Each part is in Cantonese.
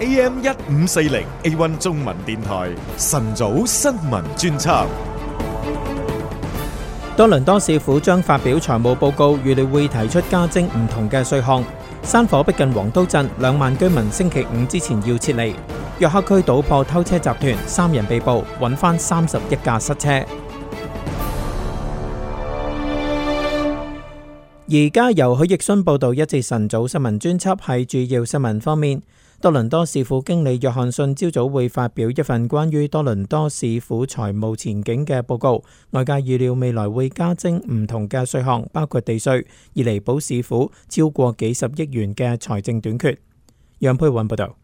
AM 一五四零 A One 中文電台晨早新聞專輯。多倫多市府將發表財務報告，預料會提出加徵唔同嘅稅項。山火逼近黃刀鎮，兩萬居民星期五之前要撤離。約克區搗破偷車集團，三人被捕，揾翻三十一架失車。而家由許奕迅報道，一節晨早新聞專輯係主要新聞方面。多倫多市府經理約翰遜朝早會發表一份關於多倫多市府財務前景嘅報告，外界預料未來會加徵唔同嘅稅項，包括地稅，以彌補市府超過幾十億元嘅財政短缺。楊佩雲報道，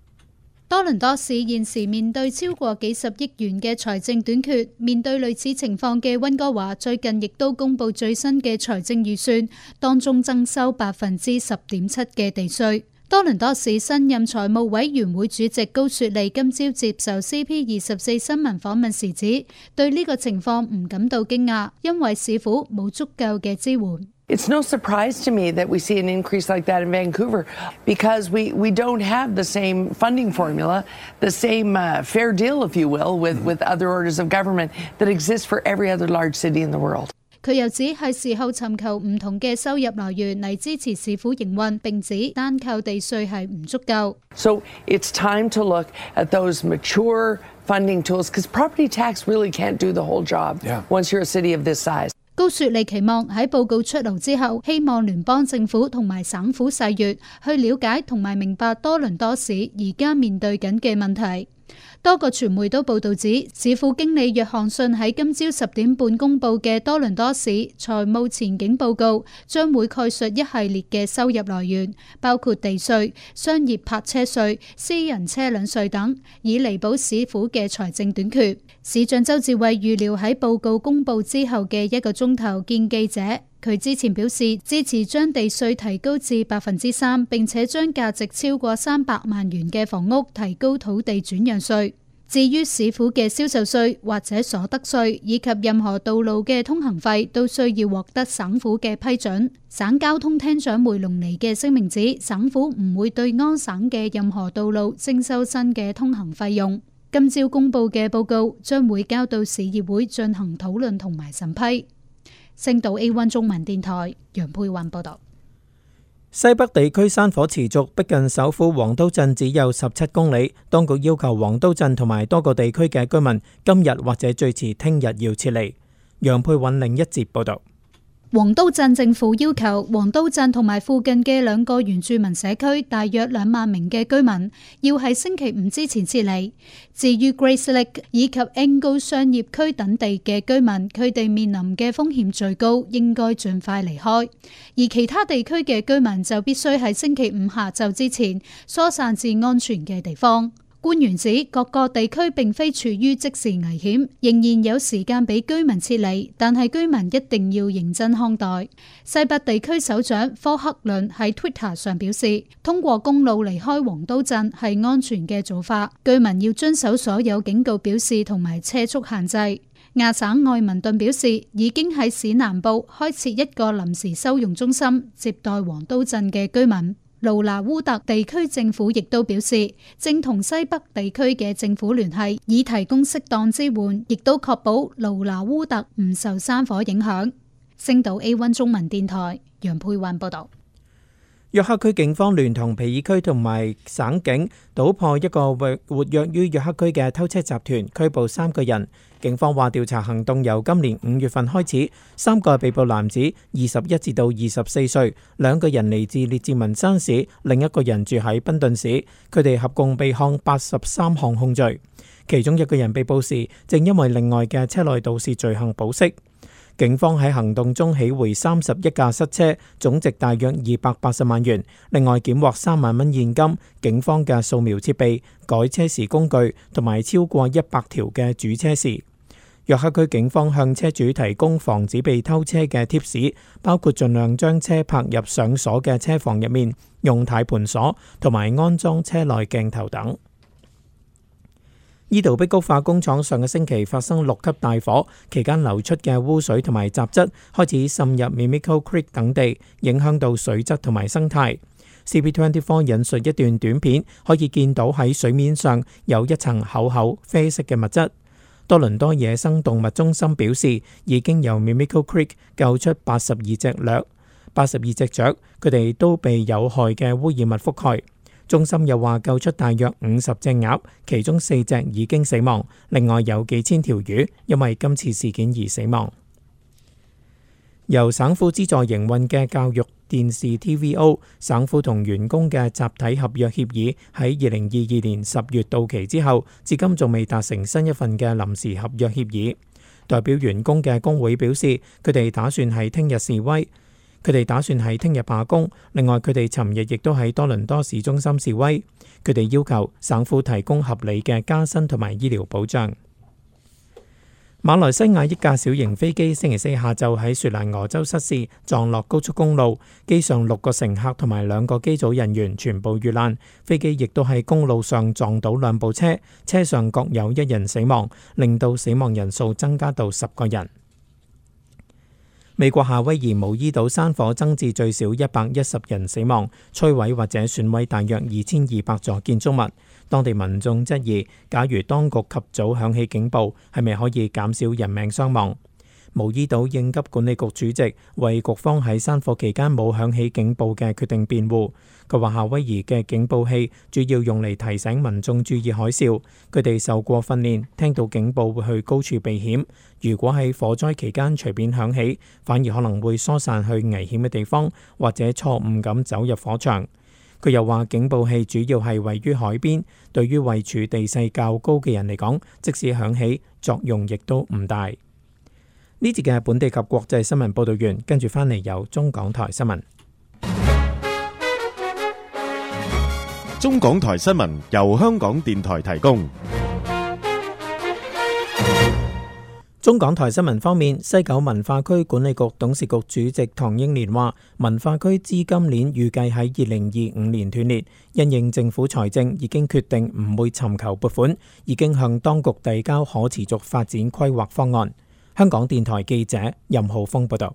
多倫多市現時面對超過幾十億元嘅財政短缺，面對類似情況嘅溫哥華，最近亦都公布最新嘅財政預算，當中增收百分之十點七嘅地稅。多倫多市新任財務委員會主席高雪莉今朝接受 CP24 新聞訪問時指，對呢個情況唔感到驚訝，因為市府冇足夠嘅支援。It's no surprise to me that we see an increase like that in Vancouver, because we, we don't have the same funding formula, the same, uh, fair deal, if you will, with, with other orders of government that exists for every other large city in the world. 佢又指係時候尋求唔同嘅收入來源嚟支持市府營運，並指單靠地稅係唔足夠。So it's time to look at those mature funding tools, because property tax really can't do the whole job, once you're a city of this size. 高雪莉期望喺報告出爐之後，希望聯邦政府同埋省府細閱去了解同埋明白多倫多市而家面對緊嘅問題。多個傳媒都報道指，市府經理約翰遜喺今朝十點半公布嘅多倫多市財務前景報告，將會概述一系列嘅收入來源，包括地稅、商業泊車稅、私人車輛稅等，以彌補市府嘅財政短缺。市長周志偉預料喺報告公布之後嘅一個鐘頭見記者。佢之前表示支持將地稅提高至百分之三，並且將價值超過三百萬元嘅房屋提高土地轉讓稅。至於市府嘅銷售稅或者所得稅以及任何道路嘅通行費，都需要獲得省府嘅批准。省交通廳長梅隆尼嘅聲明指，省府唔會對安省嘅任何道路徵收新嘅通行費用。今朝公布嘅報告將會交到市議會進行討論同埋審批。星島 A1 西北地區山火持續逼近首府黃都鎮，只有十七公里。當局要求黃都鎮同埋多個地區嘅居民，今日或者最遲聽日要撤離。楊佩韻另一節報導。黃刀鎮政府要求黃刀鎮同埋附近嘅兩個原住民社區大約兩萬名嘅居民要喺星期五之前撤離。至於 Grace Lake 以及 Engle 商業區等地嘅居民，佢哋面臨嘅風險最高，應該盡快離開。而其他地區嘅居民就必須喺星期五下晝之前疏散至安全嘅地方。官員指各個地區並非處於即時危險，仍然有時間俾居民撤離，但係居民一定要認真看待。西北地區首長科克倫喺 Twitter 上表示，通過公路離開黃刀鎮係安全嘅做法。居民要遵守所有警告表示同埋車速限制。亞省愛文頓表示，已經喺市南部開設一個臨時收容中心，接待黃刀鎮嘅居民。盧拿烏特地區政府亦都表示，正同西北地區嘅政府聯繫，以提供適當支援，亦都確保盧拿烏特唔受山火影響。星島 A1 中文電台楊佩雲報道。約克區警方聯同皮爾區同埋省警搗破一個活活躍於約克區嘅偷車集團，拘捕三個人。警方話調查行動由今年五月份開始，三個被捕男子二十一至到二十四歲，兩個人嚟自列治文山市，另一個人住喺賓頓市。佢哋合共被控八十三項控罪，其中一個人被捕時正因為另外嘅車內盜竊罪行保釋。警方喺行動中起回三十一架失車，總值大約二百八十萬元。另外，檢獲三萬蚊現金、警方嘅掃描設備、改車匙工具同埋超過一百條嘅主車匙。約克區警方向車主提供防止被偷車嘅貼士，包括盡量將車泊入上鎖嘅車房入面，用軚盤鎖同埋安裝車內鏡頭等。。怡陶碧谷化工廠上個星期發生六級大火，期間流出嘅污水同埋雜質開始滲入 Mimico Creek 等地，影響到水質同埋生態。CP24 引述一段短片，可以見到喺水面上有一層厚厚啡色嘅物質。多倫多野生動物中心表示，已經由 Mimico Creek 救出八十二隻鳥，八十二隻雀，佢哋都被有害嘅污染物覆蓋。中心又話救出大約五十隻鴨，其中四隻已經死亡，另外有幾千條魚因為今次事件而死亡。由省府資助營運嘅教育電視 TVO，省府同員工嘅集體合約協議喺二零二二年十月到期之後，至今仲未達成新一份嘅臨時合約協議。代表員工嘅工會表示，佢哋打算喺聽日示威。佢哋打算喺聽日罷工。另外，佢哋尋日亦都喺多倫多市中心示威。佢哋要求省府提供合理嘅加薪同埋醫療保障。馬來西亞一架小型飛機星期四下晝喺雪蘭莪州失事，撞落高速公路，機上六個乘客同埋兩個機組人員全部遇難。飛機亦都喺公路上撞到兩部車，車上各有一人死亡，令到死亡人數增加到十個人。美國夏威夷毛伊島山火增至最少一百一十人死亡，摧毀或者損毀大約二千二百座建築物。當地民眾質疑，假如當局及早響起警報，係咪可以減少人命傷亡？毛伊島應急管理局主席為局方喺山火期間冇響起警報嘅決定辯護。佢話夏威夷嘅警報器主要用嚟提醒民眾注意海嘯，佢哋受過訓練，聽到警報會去高處避險。如果喺火災期間隨便響起，反而可能會疏散去危險嘅地方，或者錯誤咁走入火場。佢又話警報器主要係位於海邊，對於位處地勢較高嘅人嚟講，即使響起作用亦都唔大。呢節嘅本地及國際新聞報道員，跟住翻嚟，有中港台新聞。中港台新聞由香港電台提供。中港台新聞方面，西九文化區管理局董事局主席唐英年話，文化區資金鏈預計喺二零二五年斷裂，因應政府財政已經決定唔會尋求撥款，已經向當局遞交可持續發展規劃方案。香港電台記者任浩峰報道。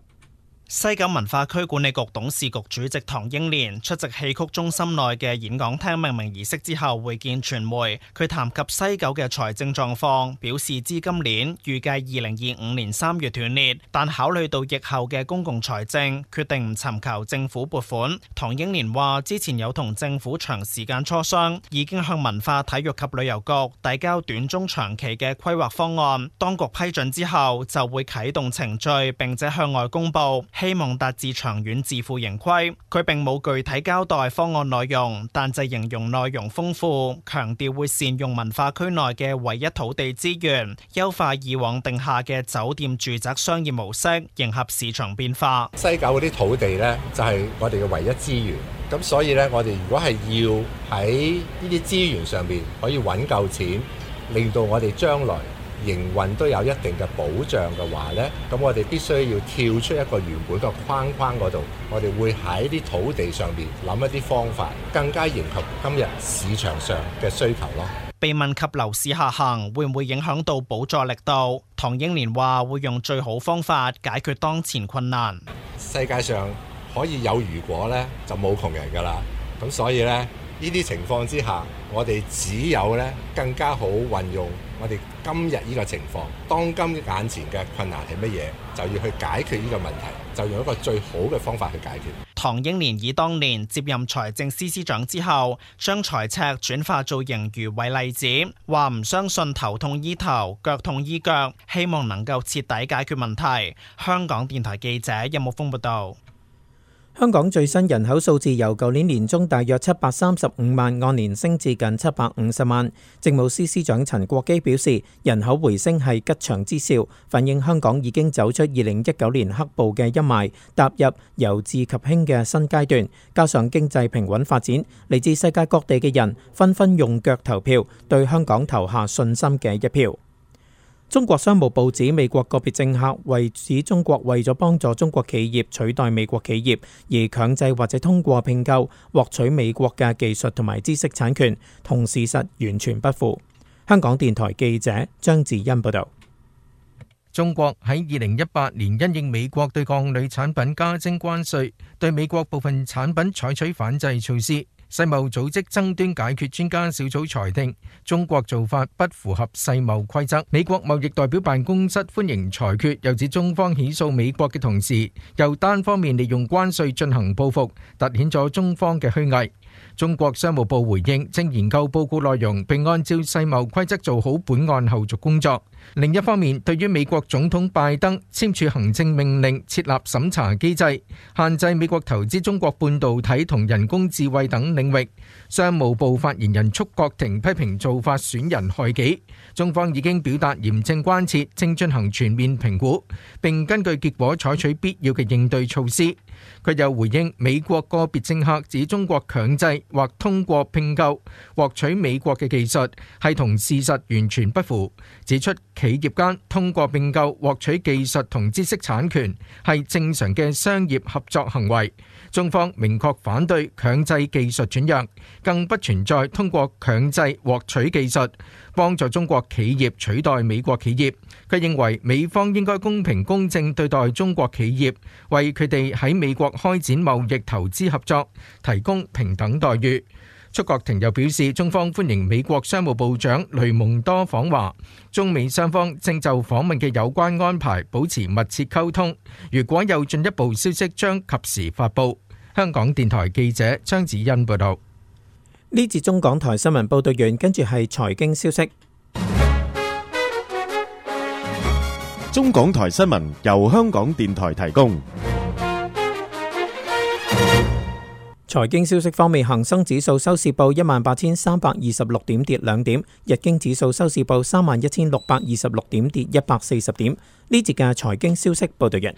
西九文化區管理局董事局主席唐英年出席戲曲中心內嘅演講廳命名儀式之後會見傳媒，佢談及西九嘅財政狀況，表示資金鏈預計二零二五年三月斷裂，但考慮到疫後嘅公共財政，決定唔尋求政府撥款。唐英年話：之前有同政府長時間磋商，已經向文化體育及旅遊局遞交短中長期嘅規劃方案，當局批准之後就會啟動程序並且向外公佈。希望達至長遠自負盈虧。佢並冇具體交代方案內容，但就形容內容豐富，強調會善用文化區內嘅唯一土地資源，優化以往定下嘅酒店、住宅、商業模式，迎合市場變化。西九嗰啲土地呢，就係我哋嘅唯一資源。咁所以呢，我哋如果係要喺呢啲資源上面可以揾夠錢，令到我哋將來，營運都有一定嘅保障嘅話呢，咁我哋必須要跳出一個原本嘅框框嗰度，我哋會喺啲土地上面諗一啲方法，更加迎合今日市場上嘅需求咯。被問及樓市下行會唔會影響到補助力度，唐英年話會用最好方法解決當前困難。世界上可以有如果呢，就冇窮人㗎喇。咁所以呢。呢啲情況之下，我哋只有咧更加好運用我哋今日呢個情況，當今眼前嘅困難係乜嘢，就要去解決呢個問題，就用一個最好嘅方法去解決。唐英年以當年接任財政司司長之後，將財赤轉化做盈餘為例子，話唔相信頭痛醫頭，腳痛醫腳，希望能夠徹底解決問題。香港電台記者任木峯報道。香港最新人口數字由舊年年中大約七百三十五萬，按年升至近七百五十萬。政務司司長陳國基表示，人口回升係吉祥之兆，反映香港已經走出二零一九年黑暴嘅陰霾，踏入由治及興嘅新階段。加上經濟平穩發展，嚟自世界各地嘅人紛紛用腳投票，對香港投下信心嘅一票。中國商務報紙：美國個別政客為指中國為咗幫助中國企業取代美國企業而強制或者通過併購獲取美國嘅技術同埋知識產權，同事實完全不符。香港電台記者張志欣報道：中國喺二零一八年因應美國對鋼鋁產品加徵關稅，對美國部分產品採取反制措施。世貿組織爭端解決專家小組裁定，中國做法不符合世貿規則。美國貿易代表辦公室歡迎裁決，又指中方起訴美國嘅同時，又單方面利用關稅進行報復，凸顯咗中方嘅虛偽。中國商務部回應，正研究報告內容，並按照世貿規則做好本案後續工作。另一方面，對於美國總統拜登簽署行政命令，設立審查機制，限制美國投資中國半導體同人工智慧等領域，商務部發言人束國婷批評做法損人害己，中方已經表達嚴正關切，正進行全面評估，並根據結果採取必要嘅應對措施。佢又回應美國個別政客指中國強制或通過併購獲取美國嘅技術係同事實完全不符，指出企業間通過併購獲取技術同知識產權係正常嘅商業合作行為，中方明確反對強制技術轉讓，更不存在通過強制獲取技術幫助中國企業取代美國企業。佢認為美方應該公平公正對待中國企業，為佢哋喺美美國開展貿易投資合作，提供平等待遇。束珏婷又表示，中方歡迎美國商務部長雷蒙多訪華，中美雙方正就訪問嘅有關安排保持密切溝通。如果有進一步消息，將及時發佈。香港電台記者張子欣報道。呢節中港台新聞報道完，跟住係財經消息。中港台新聞由香港電台提供。財經消息方面，恒生指數收市報一萬八千三百二十六點，跌兩點；日經指數收市報三萬一千六百二十六點，跌一百四十點。呢節嘅財經消息報道完。